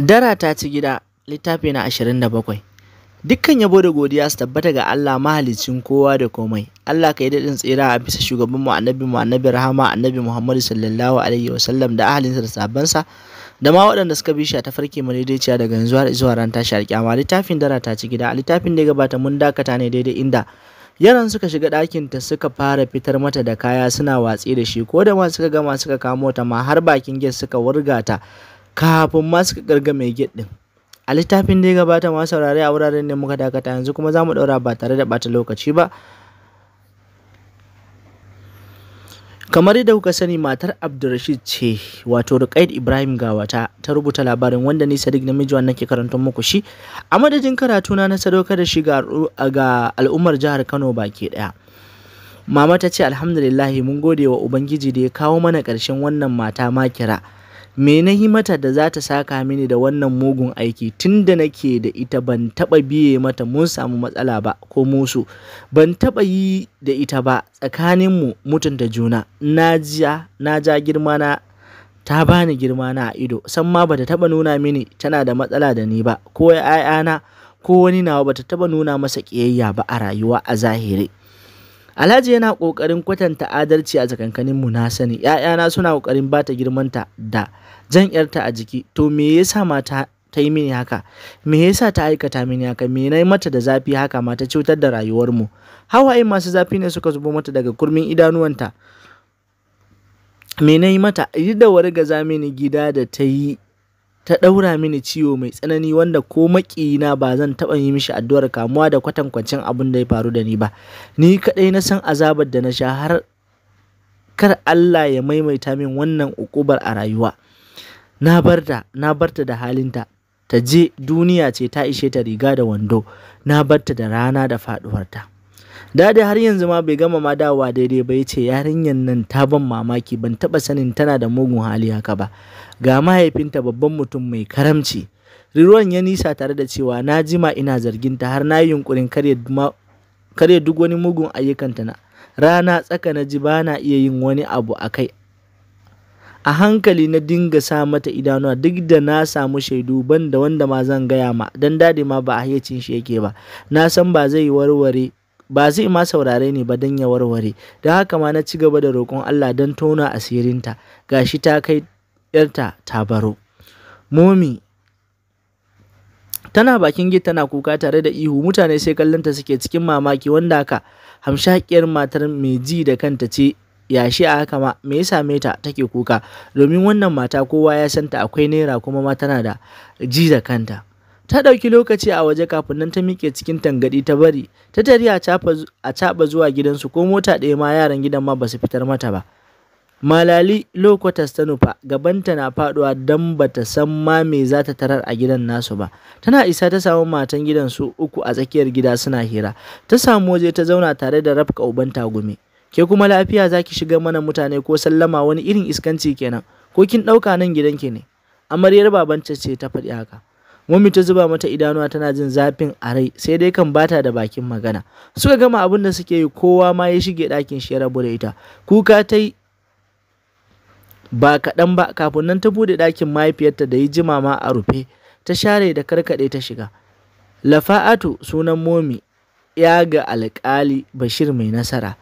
Dara ta ci gida littafi na 27 Dukkan yabo da godiya su tabbata ga Allah mahalicin kowa da komai. Allah ka yi daɗin tsira a bisa shugaban mu annabi mu annabi rahama annabi Muhammadu sallallahu alaihi sallam da ahalinsa da sabansa da ma waɗanda suka bi shi ta farke madaidaiciya daga yanzu har zuwa ran tashi alƙiyama littafin dara ta ci gida littafin da ya gabata mun dakata ne daidai inda yaran suka shiga ɗakin ta suka fara fitar mata da kaya suna watsi da shi ko da ma suka gama suka kamo ta ma har bakin gate suka wurga ta kafin ma suka karga mai gate din a littafin da ya gabata masu saurare a wuraren da muka dakata yanzu kuma za mu ɗaura ba tare da bata lokaci ba kamar yadda kuka sani matar abdulrashid ce wato rukaid ibrahim gawata ta rubuta labarin wanda ni sadiq namiji wannan ke karanta muku shi a madadin karatuna na sadaukar da shi ga al'ummar jihar kano baki daya mama ta ce alhamdulillahi mun gode wa ubangiji da ya kawo mana karshen wannan mata makira Me na yi mata da za ta saka mini da wannan mugun aiki tun da nake da ita ban taba biye mata mun samu matsala ba ko musu, ban taɓa yi da ita ba tsakaninmu mutunta juna, na ja girmana ta bani na a ido, san ma bata taba nuna mini tana da matsala da ni ba, ko ‘ya'yana ko wani nawa bata taba nuna masa kiyayya ba a rayuwa a zahiri. Alhaji yana ƙoƙarin kwatanta adalci a tsakankanin mu na sani. ‘Ya'yana suna ƙoƙarin ba ta girmanta da jan ‘yarta a jiki. To me yasa mata ta yi mini haka? Me yasa ta aikata mini haka? Me na yi mata da zafi haka ma ta cutar da rayuwar mu? Hawaye masu zafi ne suka zubo mata daga kurmin idanuwanta. Me na yi mata? Yi da wargaza mini gida da ta yi ta ɗaura mini ciwo mai tsanani wanda ko maƙiyina ba zan taɓa yi mishi addu'ar kamuwa da kwatankwacin abin da ya faru da ni ba ni kaɗai na san azabar da na sha har kar Allah ya maimaita min wannan ukubar a rayuwa na barta na barta da halinta ta je duniya ce ta ishe ta riga da wando na barta da rana da faɗuwarta Daɗi har yanzu ma bai gama ma dawowa daidai ba ya ce yarinyar nan ta ban mamaki ban taba sanin tana da mugun hali haka ba ga mahaifinta babban mutum mai karamci riruwan ya nisa tare da cewa na jima ina zarginta har na yi yunkurin karya duk wani mugun ayyukanta na rana tsaka na ji ba na iya yin wani abu a kai a hankali na dinga sa mata idanuwa duk da na samu shaidu ban da wanda ma zan gaya ma don dadi ma ba a hayyacin shi yake ba na san ba zai warware ba zai ma saurare ne ba don ya warware don haka ma na ci gaba da roƙon Allah don tona asirinta shi ta kai yarta ta baro momi tana bakin gid tana kuka tare da ihu mutane sai kallonta suke cikin mamaki wanda haka hamshakiyar matar mai ji da kanta ce yashi a haka ma me ya same ta take kuka domin wannan mata kowa ya santa akwai naira kuma ma tana da ji da kanta ta ɗauki lokaci a waje kafin nan ta miƙe cikin tangadi ta bari ta tari a caɓa zuwa gidansu ko mota ɗaya ma yaran gidan ma ba su fitar mata ba malali lokotas ta nufa gabanta na faɗuwa don ba ta san ma me za ta tarar a gidan nasu ba tana isa ta samu matan gidan su uku a tsakiyar gida suna hira ta samu waje ta zauna tare da rafka uban gumi. ke kuma lafiya za ki shiga mana mutane ko sallama wani irin iskanci kenan ko kin ɗauka nan gidanki ne amaryar babanta ce ta faɗi haka Mummy ta zuba mata idanuwa tana jin zafin a rai sai dai kan bata da bakin magana. Suka gama abin da suke yi kowa ma ya shige ɗakin shi ya rabu da ita. Kuka ta yi ba kaɗan ba kafin nan ta bude ɗakin mahaifiyarta da ya jima ma a rufe ta share da karkaɗe ta shiga. Lafa'atu sunan Momi ya ga alƙali Bashir mai nasara.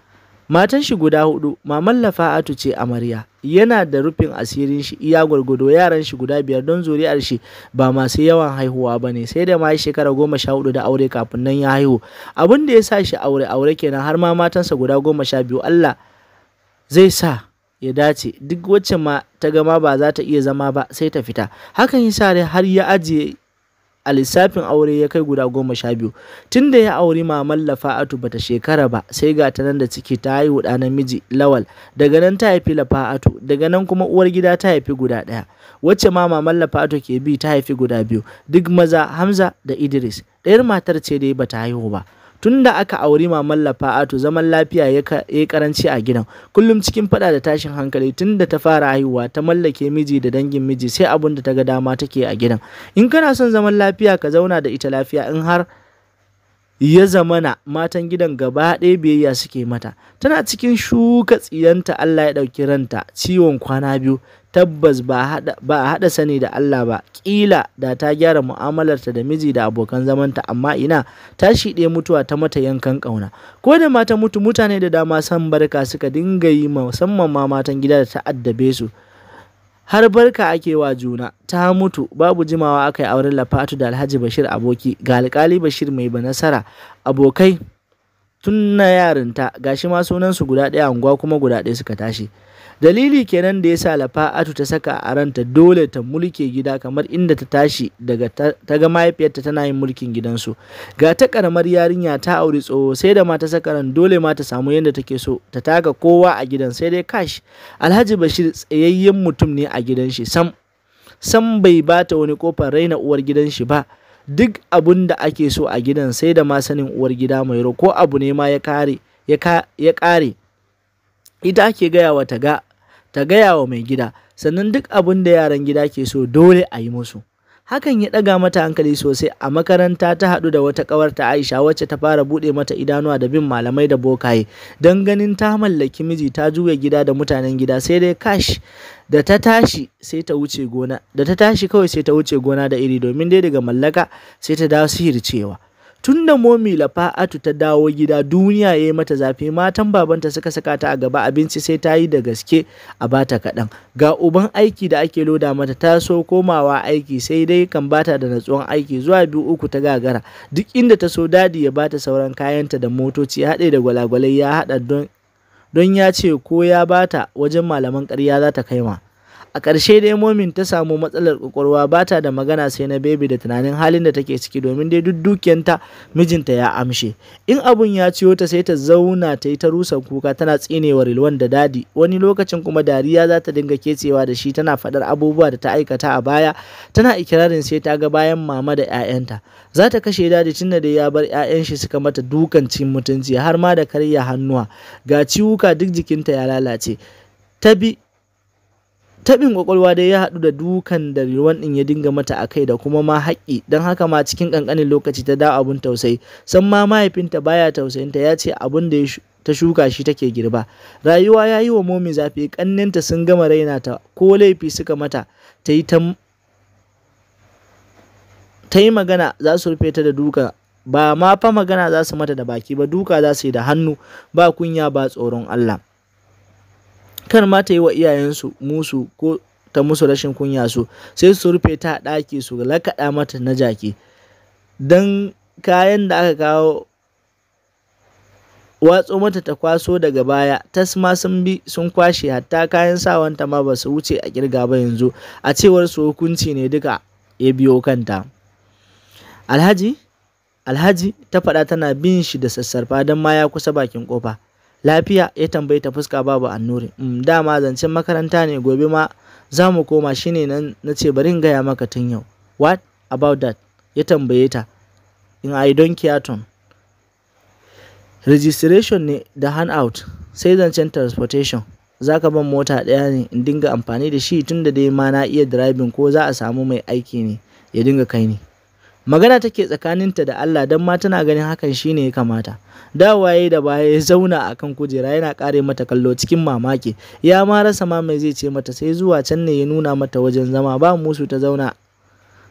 Matan shi guda hudu, maman Lafa'atu ce amarya. yana da rufin asirin shi iya gwargwado yaran shi guda biyar don zuri'ar shi ba masu yawan haihuwa ba ne sai da ma shekara goma sha hudu da aure kafin nan ya haihu abin da ya sa shi aure aure kenan har ma matansa guda goma sha biyu Allah zai sa ya dace duk wacce ma ta gama ba za ta iya zama ba sai ta fita hakan sa har ya ajiye a lissafin aure ya kai guda goma sha biyu tun da ya auri maman lafa'atu bata shekara ba sai ga ta nan da ciki ta haihu ɗa namiji lawal daga nan ta haifi lafa'atu daga nan kuma uwar gida ta haifi guda ɗaya wacce ma maman lafa'atu ke bi ta haifi guda biyu duk maza hamza da idris ɗayar matar ce dai bata haihu ba tun da aka auri maman lafa'atu zaman lafiya ya karanci a gidan kullum cikin fada da tashin hankali tun da ta fara haihuwa ta mallake miji da dangin miji sai abun da ta ga dama take a gidan in kana son zaman lafiya ka zauna da ita lafiya in har ya zamana matan gidan gaba ɗaya biyayya suke mata tana cikin shuka tsiyanta Allah ya ɗauki ranta ciwon kwana biyu tabbas ba a haɗa sani da Allah ba ƙila da ta gyara mu'amalarta da miji da abokan zamanta amma ina ta shiɗe mutuwa ta mata yankan ƙauna ko da mata mutu mutane da dama san barka suka dinga yi musamman ma matan gida da ta addabe su har barka ake wa juna ta mutu babu jimawa aka yi auren lafatu da alhaji bashir aboki ga alkali bashir mai banasara abokai tun na yarinta gashi ma sunansu guda ɗaya unguwa kuma guda ɗaya suka tashi dalili kenan da ya sa lafa'atu ta saka a ranta dole ta mulke gida kamar inda ta tashi daga ta ga mahaifiyarta tana yin mulkin gidansu ga ta karamar yarinya ta auri tsoho sai da mata ta saka ran dole ma ta samu yadda take so ta taka kowa a gidan sai dai kash alhaji bashir tsayayyen mutum ne a gidan shi sam sam bai bata wani kofar raina uwar gidan shi ba duk abun da ake so a gidan sai da ma sanin uwar gida mai ko abu ne ma ya kare ya kare ita ake gaya wa ta ga ta gaya wa mai gida sannan duk abin da yaran gida ke so dole a yi musu hakan ya ɗaga mata hankali sosai a makaranta ta haɗu da wata ƙawarta aisha wacce ta fara buɗe mata idanuwa da bin malamai da bokaye don ganin ta mallaki miji ta juya gida da mutanen gida sai dai kash da ta tashi sai ta wuce gona da ta tashi kawai sai ta wuce gona da iri domin dai daga mallaka sai ta dawo sihircewa tun da momi lafa'atu ta dawo gida duniya ya yi mata zafi matan babanta suka saka ta a gaba abinci sai ta yi da gaske a bata kaɗan ga uban aiki da ake loda mata ta so komawa aiki sai dai kan bata da natsuwan aiki zuwa biyu uku ta gagara duk inda ta so dadi ya bata sauran kayanta da motoci haɗe da gwalagwalai ya haɗa don ya ce ko ya bata wajen malaman karya za ta kai ma a ƙarshe dai momin ta samu matsalar kwakwalwa ba ta da magana sai na bebi da tunanin halin da take ciki domin dai duk dukiyanta mijinta ya amshe in abun ya ciyo ta sai ta zauna ta yi ta rusa kuka tana tsinewa rilwan da dadi wani lokacin kuma dariya za ta dinga kecewa da shi tana faɗar abubuwa da ta aikata a baya tana ikirarin sai ta ga bayan mama da 'ya'yanta za ta kashe dadi tunda da ya bar 'ya'yan shi suka mata dukan cin mutunci har ma da karya hannuwa ga ciwuka duk jikinta ya lalace ta bi tabin kwakwalwa dai ya haɗu da dukan da ruwan ɗin ya dinga mata a kai da kuma ma haƙƙi don haka ma cikin ƙanƙanin lokaci ta dawo abun tausayi san ma mahaifinta baya tausayinta ya ce abun da ta shuka shi take girba rayuwa ya yi wa momi zafi ƙanninta sun gama raina ta ko laifi suka mata ta yi ta yi magana za su rufe ta da duka ba ma fa magana za su mata da baki ba duka za su yi da hannu ba kunya ba tsoron Allah kar ma ta yi wa iyayensu musu ko ta musu rashin kunya su sai su rufe ta ɗaki su lakaɗa mata na jaki don kayan da aka kawo watso mata ta kwaso daga baya tas ma sun bi sun kwashe hatta kayan sawanta ma ba su wuce a kirga ba yanzu a cewar su hukunci ne duka ya biyo kanta alhaji ta faɗa tana bin shi da sassarfa, don ma ya kusa bakin ƙofa Lafiya? ya tambayi ta fuska babu annuri. Mm, dama zancen makaranta ne gobe ma za mu koma shine nan na ce bari gaya maka tun yau. What about that? ya tambaye ta. In I don kiyaton? Registration ne da hand-out sai zancen transportation. Za ka ban mota ɗaya ne in dinga amfani da shi tun da dai ma na iya driving ko za a samu mai aiki ne ya dinga kai ni. magana take tsakaninta da Allah don ma tana ganin hakan shine ya kamata Da waye da baya ya zauna a kan kujera yana kare mata kallo cikin mamaki ya ma rasa ma mai zai ce mata sai zuwa can ne ya nuna mata wajen zama ba musu ta zauna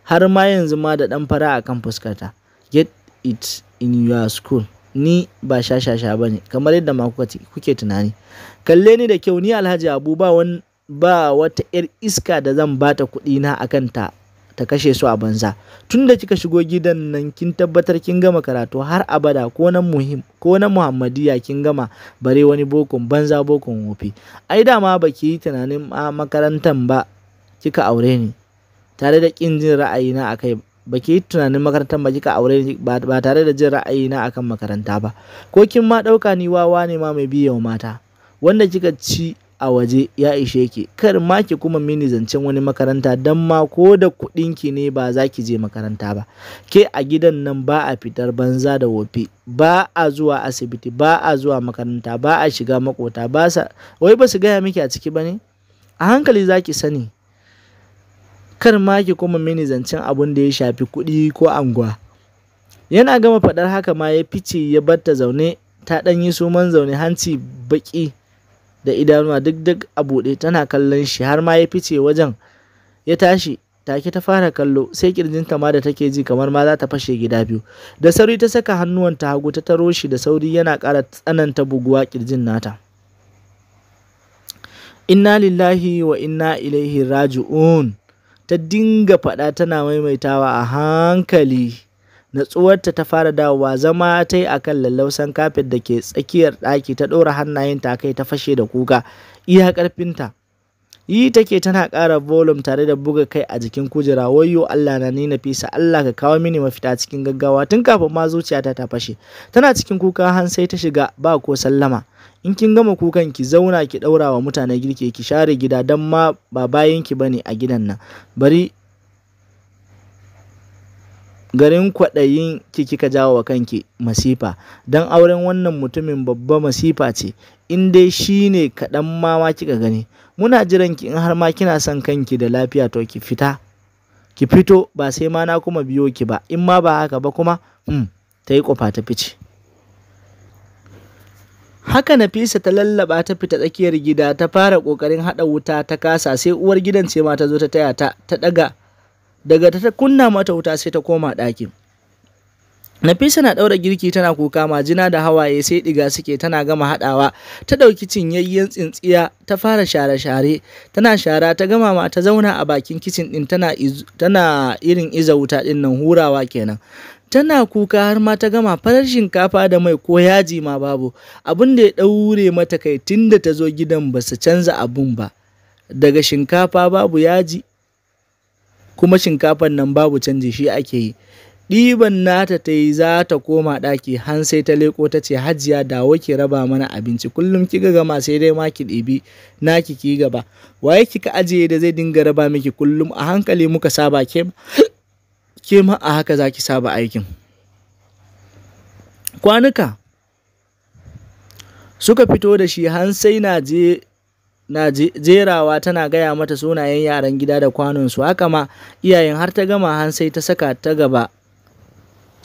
har ma yanzu ma da ɗan fara akan kan fuskarta get it in your school ni ba shashasha ba ne kamar yadda ma kuke tunani kalle ni da kyau ni alhaji abu ba wata 'yar iska da zan bata kuɗi na akan ta ta kashe su a banza tun da kika shigo gidan nan kin tabbatar kin gama karatu har abada ko nan muhim ko na muhammadiya kin gama bare wani bokon banza bokon wofi ai dama baki yi tunanin makarantan ba kika aure ni tare da kin jin ra'ayina akai baki tunanin makarantan ba kika aure ni ba tare da jin ra'ayina akan makaranta ba ko kin ma dauka ni wawa ne ma mai wa mata wanda kika ci a waje ya ishe ki kar ma ki kuma mini zancen wani makaranta don ma ko da kuɗin ki ne ba za ki je makaranta ba ke a gidan nan ba a fitar banza da wofi ba a zuwa asibiti ba a zuwa makaranta ba a shiga makota ba sa wai ba su gaya miki a ciki ba ne a hankali za ki sani kar ma ki kuma mini zancen abun da ya shafi kuɗi ko anguwa yana gama faɗar haka ma ya fice ya batta zaune ta ɗan yi suman zaune hanci baƙi da idanuwa duk duk a buɗe tana kallon shi har ma ya fice wajen ya tashi take ta fara kallo sai ƙirjinta ma da take ji kamar ma za ta fashe gida biyu da sauri ta saka hannuwan ta hagu ta taro shi da sauri yana ƙara tsananta buguwa kirjin nata inna lillahi wa inna ilaihi raji'un ta dinga faɗa tana maimaitawa a hankali natsuwarta ta fara dawowa zama ta yi akan lallausan kafet da ke tsakiyar ɗaki ta ɗora hannayen ta kai ta fashe da kuka iya ƙarfinta yi take tana ƙara volum tare da buga kai a jikin kujera wayyo Allah na ni fisa Allah ka kawo mini mafita cikin gaggawa tun kafin ma zuciyata ta fashe tana cikin kuka har sai ta shiga ba ko sallama in kin gama kukan ki zauna ki ɗaura wa mutane girki ki share gida don ma ba bayan ki bane a gidan nan bari garin kwaɗayin ki kika jawo wa kanki masifa don auren wannan mutumin babba masifa ce in dai shi ne kaɗan mawa kika gani muna jiran ki in har ma kina son kanki da lafiya to ki fita ki fito ba sai ma na kuma biyo ki ba in ma ba haka ba kuma hmm, ta yi kwafa ta fice haka nafisa ta lallaba ta fita tsakiyar gida ta fara kokarin haɗa wuta ta kasa sai uwar gidan ce ma ta zo ta taya ta ta ɗaga daga ta kunna mata wuta sai ta koma ɗakin Nafisa na ɗaura girki tana kuka majina da hawaye sai ɗiga suke tana gama haɗawa ta ɗauki cinyayyen tsintsiya ta fara share-share tana shara ta gama ma ta zauna a bakin kicin ɗin tana, irin iza wuta ɗin nan hurawa kenan tana kuka har ma ta gama farar shinkafa da mai ko yaji ma babu abin da ya ɗaure mata kai tun da ta zo gidan ba su canza abun ba daga shinkafa babu yaji kuma shinkafan nan babu canji shi ake yi ɗiban nata ta yi za ta koma ɗaki han sai ta leko ta ce hajiya da wake raba mana abinci kullum ki gama sai dai ma ki ɗibi na ki ki gaba waye kika ajiye da zai dinga raba miki kullum a hankali muka saba ke ke ma a haka za ki saba aikin kwanuka suka fito da shi han sai na je na jerawa tana gaya mata sunayen yaran gida da kwanonsu haka ma iyayen har ta gama han sai ta saka ta gaba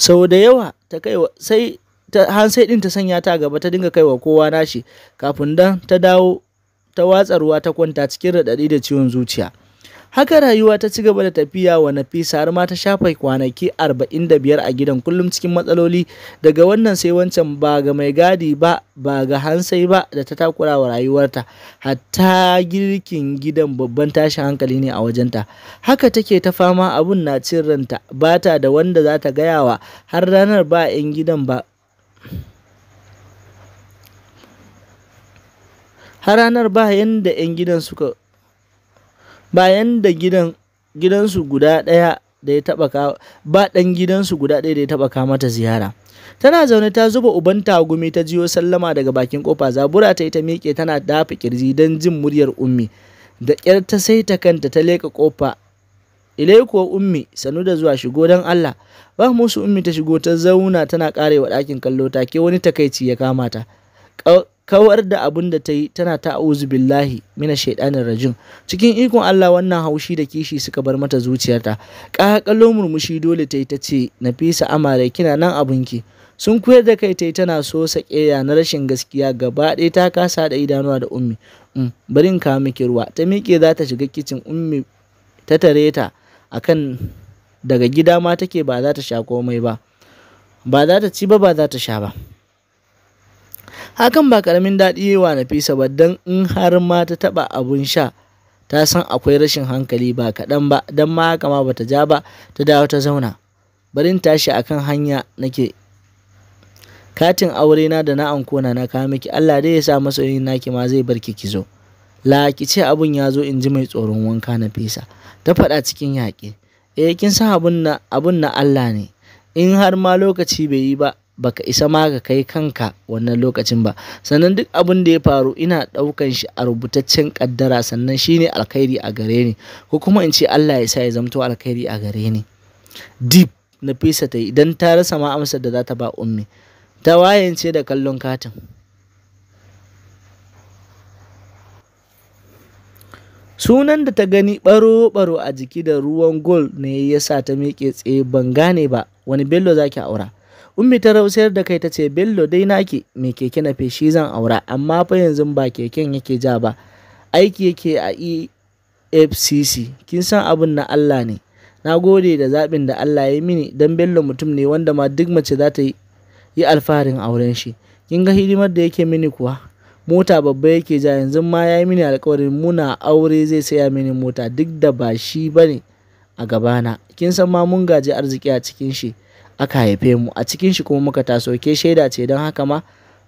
sau da yawa ta kai sai han sai din ta sanya ta gaba ta dinga kaiwa kowa nashi kafin dan ta dawo ta watsarwa ta kwanta cikin raɗaɗi da ciwon zuciya Haka rayuwa ta ci gaba da tafiya wa Nafisa har ma ta shafa kwanaki 45 a gidan kullum cikin matsaloli daga wannan sai wancan ba ga mai gadi ba ba ga hansai ba da ta takura wa rayuwarta hatta girkin gidan babban tashin hankali ne a wajenta. Haka take ta fama abun na cin ranta ba ta da wanda za ta gaya wa har ranar ba 'yan gidan ba har ranar ba 'yan gidan suka bayan da gidan gidansu guda ɗaya da ya taɓa ba ɗan gidansu guda ɗaya da ya taɓa ka mata ziyara tana zaune ta zuba uban tagumi ta jiyo sallama daga bakin kofa zabura ta yi ta miƙe tana dafa kirji don jin muryar ummi da ƙyar ta saita kanta ta leƙa kofa ilai kuwa ummi sanu da zuwa shigo don allah ba musu ummi ta shigo ta zauna tana ƙarewa ɗakin kallo take wani takaici ya kama ta kawar da abin da ta yi tana auzu billahi mina shaidanin rajin. cikin ikon Allah wannan haushi da kishi suka bar mata zuciyarta ka kallo murmushi dole ta yi ta ce nafisa amare kina nan abinki sun koyar da kai ta yi tana so ya na rashin gaskiya gaba ɗaya ta kasa da idanuwa da ummi mm, bari in kawo miki ruwa ta miƙe za ta shiga kicin ummi ta tare ta akan daga gida ma take ba za ta sha komai ba ba za ta ci ba ba za ta sha ba hakan ba karamin daɗi wa nafisa ba don in har ma ta taɓa abun sha ta san akwai rashin hankali ba kaɗan ba don ma haka ma bata ja ba ta dawo ta zauna barin tashi a kan hanya nake katin aure na da na ankona na kawo miki Allah dai ya sa masoyin naki ma zai barki ki zo laki ce abun ya zo in ji mai tsoron wanka na fesa ta faɗa cikin yaƙi eh kin san na abun na Allah ne in har ma lokaci bai yi ba baka isa ma ga kai kanka wannan lokacin ba sannan duk abin da ya faru ina ɗaukan shi a rubutaccen ƙaddara sannan shine alkhairi a gare ni ko kuma in ce Allah ya sa ya zamto alkhairi a gare ni deep Nafisa ta yi idan ta rasa ma amsar da za ta ba ummi ta wayance da kallon katin sunan da ta gani baro-baro a jiki da ruwan gol ne ya sa ta miƙe tsaye ban gane ba wani bello zaki aura Ummi ta rausayar da kai ta ce Bello dai naki mai keke na feshi zan aura amma fa yanzu ba keken yake ja ba aiki yake a EFCC kin san abin na Allah ne na gode da zaɓin da Allah ya mini don Bello mutum ne wanda ma duk mace za ta yi alfaharin auren shi kin ga hidimar da yake mini kuwa mota babba yake ja yanzu ma ya yi mini alkawarin muna aure zai saya mini mota duk da ba shi ba ne a gabana kin san ma mun gaji arziki a cikin shi aka haife mu a cikin shi kuma muka taso ke shaida ce don haka ma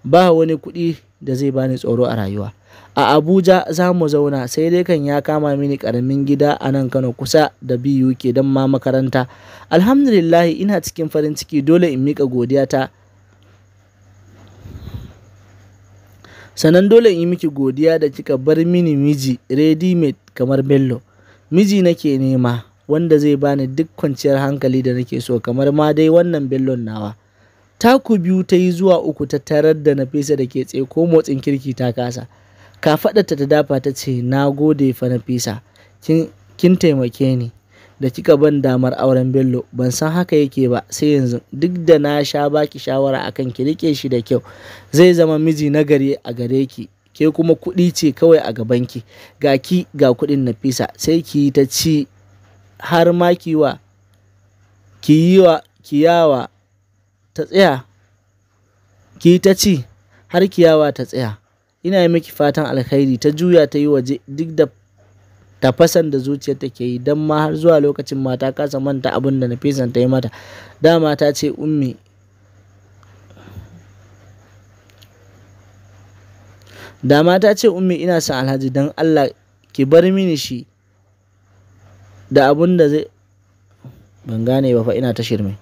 ba wani kuɗi da zai bani tsoro a rayuwa a abuja za mu zauna sai dai kan ya kama mini karamin gida a nan kano kusa da biyu ke don ma makaranta Alhamdulillahi ina cikin farin ciki dole in miƙa godiyata sannan dole in yi miki godiya da kika bar mini miji ready made kamar bello miji nake nema wanda zai bani duk kwanciyar hankali da nake so kamar ma dai wannan bellon nawa. Taku biyu ta yi zuwa uku ta tarar da Nafisa da ke tsaye ko motsin kirki ta kasa. Ka faɗata ta dafa ta ce na gode fa Nafisa, kin taimake ni. da kika ban damar auren Bello ban san haka yake ba sai yanzu duk da na sha baki shawara akan ki rike shi da kyau zai zama miji na a gare ki ke kuma kuɗi ce kawai a gabanki ga ki ga kuɗin Nafisa sai ki ta ci har ma kiwa ta tsaya ki ta ci har kiyawa ta tsaya ina yi miki fatan alkhairi ta juya ta yi waje duk da tafasan da zuciyar take yi don ma har zuwa lokacin mata kasa manta abin da na fesan ta yi mata dama ta ce ummi dama ta ce ummi ina son alhaji don allah ki bar mini shi da abun da zai ban gane ba fa ina ta shirme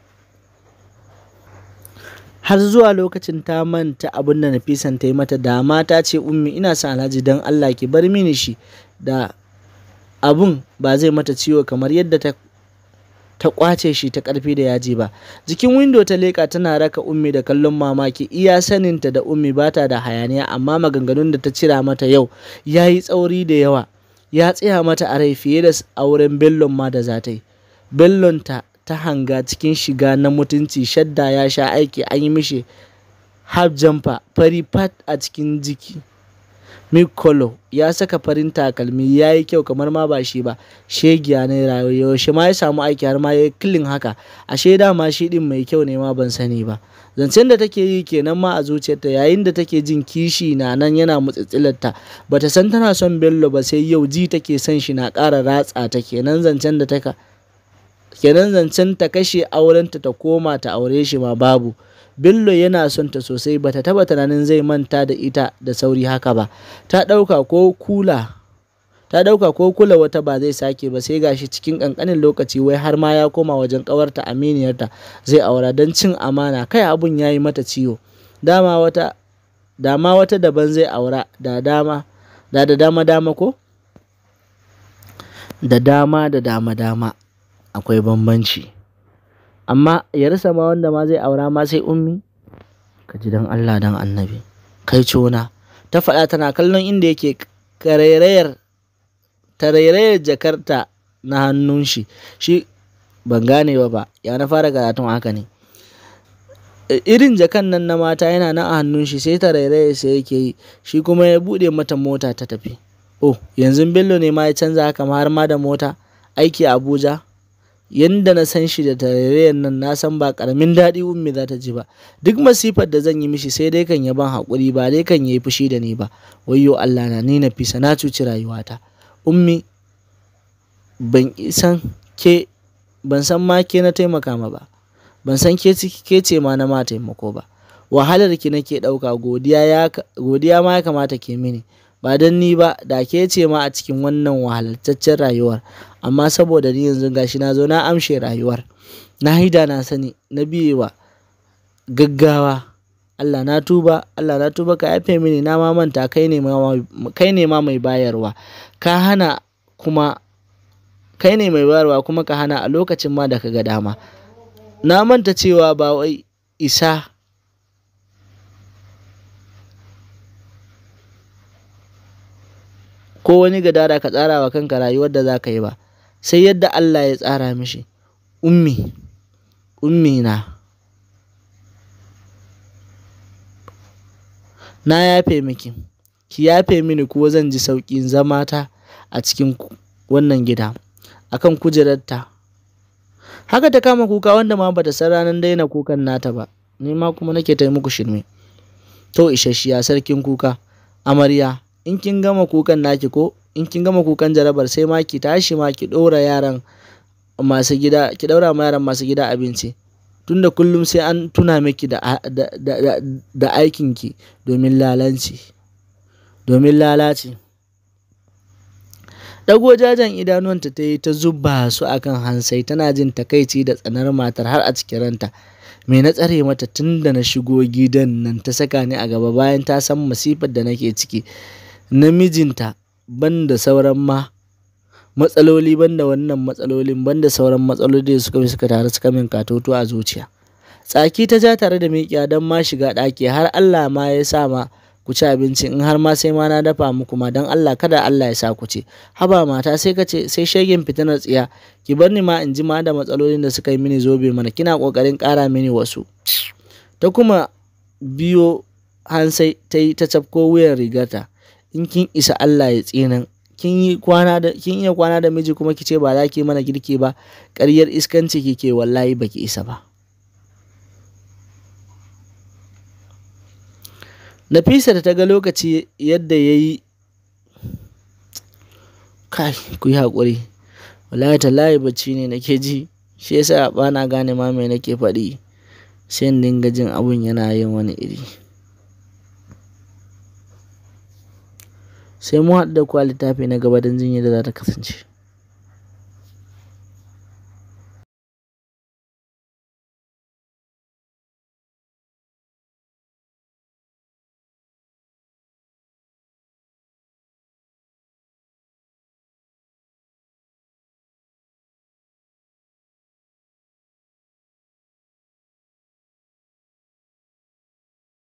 har zuwa lokacin ta manta abin da nafisan ta yi mata dama ta ce ummi ina son alhaji don allah ki bar mini shi da abun ba zai mata ciwo kamar yadda ta ta kwace shi ta karfi da yaji ba jikin windo ta leka tana raka ummi da kallon mamaki iya saninta da ummi bata da hayaniya amma maganganun da ta cira mata yau ya yi tsauri da yawa ya tsaya mata a rai fiye da auren bellon ma da za ta yi bellon ta ta hanga cikin shiga na mutunci shadda ya sha aiki an yi mishi half jamfa fari fat a cikin jiki Mekong ya saka farin takalmi ya yi kyau kamar ma ba shi ba, shegiya rayuwa yaushe ma ya samu aiki har ma ya yi kilin haka, ashe ma shi ɗin mai kyau ne ma ban sani ba. Zancen da take yi kenan ma a zuciyarta yayin da take jin kishi na nan yana mutsitsilarta ta san tana son Bello ba sai yau ji take son shi na ƙara ratsa ta kenan zancen da ta kenan zancen ta kashe aurenta ta koma ta aure shi ma babu. Bello yana son ta sosai bata taba tunanin zai manta da ita da sauri haka ba. Ta ɗauka ko kula ta dauka ko kula wata ba zai sake ba sai gashi cikin ƙanƙanin lokaci wai har ma ya koma wajen ƙawarta aminiyarta zai aura don cin amana kai abun yayi mata ciwo dama wata dama wata daban zai aura da dama da da dama dama ko da dama da dama dama akwai bambanci Amma ya rasa ma wanda ma zai aura ma sai ummi? Ka ji dan Allah don annabi. Kai cona. Ta faɗa tana kallon inda yake karerayar tarairayar jakarta na hannun shi. Shi ban gane ba ba, ya na fara karatun haka ne. E, irin jakan nan na mata yana nan a hannun shi sai tarairayar sai yake yi, shi kuma ya bude mata mota ta tafi. Oh, yanzu Bello ne ma ya canza haka har ma da mota, aiki a Abuja. yanda na san shi da tarayyar nan na san ba karamin daɗi ummi za ta ji ba duk masifar da zan yi mishi sai dai kan yaban haƙuri ba dai kan yi fushi da ni ba wayyo Allah na ni na fisa na cuci rayuwata ummi ban san ke ban san ma ke na taimaka ma ba ban san ke ke ce ma na ma taimako ba wahalar ki nake ɗauka godiya ma ya kamata ke mini ba don ni ba da ke ce ma a cikin wannan wahalataccen rayuwar amma saboda ni yanzu gashi na zo na amshe rayuwar na haida na sani na biyewa gaggawa Allah na tuba Allah na tuba ka yafe mini na ma manta kai ne ma mai bayarwa ka hana kuma kai ne mai bayarwa kuma ka hana a lokacin ma da ka ga dama na manta cewa ba wai isa ko wani gadara ka tsara wa kanka rayuwar da za ka yi ba sai yadda Allah ya tsara mishi ummi ummi na na yafe miki ki yafe mini kuwa zan ji sauƙin zama ta a cikin wannan gida akan kujerarta haka ta kama kuka wanda ma bata san ranar daina kukan nata ba ni ma kuma nake ta muku shirme to isasshiya sarkin kuka amarya in kin gama kukan naki ko in kin gama kukan jarabar sai ma ki tashi ma ki ɗora yaran masu gida ki ɗaura ma yaran masu gida abinci tunda kullum sai an tuna miki da, da, da, da aikinki domin lalanci domin lalaci dago jajen idanuwanta ta yi ta zuba su akan hansai tana jin takaici da tsanar matar har a cikin ranta mai na tsare mata tun da na shigo gidan nan ta saka ni a gaba bayan ta san masifar da nake ciki namijinta ban da sauran ma matsaloli ban da wannan matsalolin ban da sauran matsaloli da suka fi suka taru suka min katoto a zuciya tsaki ta ja tare da miƙiya don ma shiga ɗaki har Allah ma ya sa ma ku ci abinci in har ma sai ma na dafa muku ma don Allah kada Allah ya sa ku ce haba mata sai ka ce sai shegen fitinar tsiya ki bar ni ma in ji ma da matsalolin da suka yi mini zobe mana kina kokarin ƙara mini wasu ta kuma biyo hansai ta yi ta cafko wuyan rigarta in kin isa Allah ya tsinan kin yi kwana da iya kwana da miji kuma ki ce ba za ki mana girki ba ƙaryar iskanci kike wallahi baki isa ba Nafisa da ta ga lokaci yadda ya yi kai ku yi haƙuri wallahi tallahi bacci ne na ke ji shi yasa ba na gane ma me nake faɗi sai in dinga jin abun yana yin wani iri Sai mu haɗu da ku littafi na gaba don jin da za ta kasance.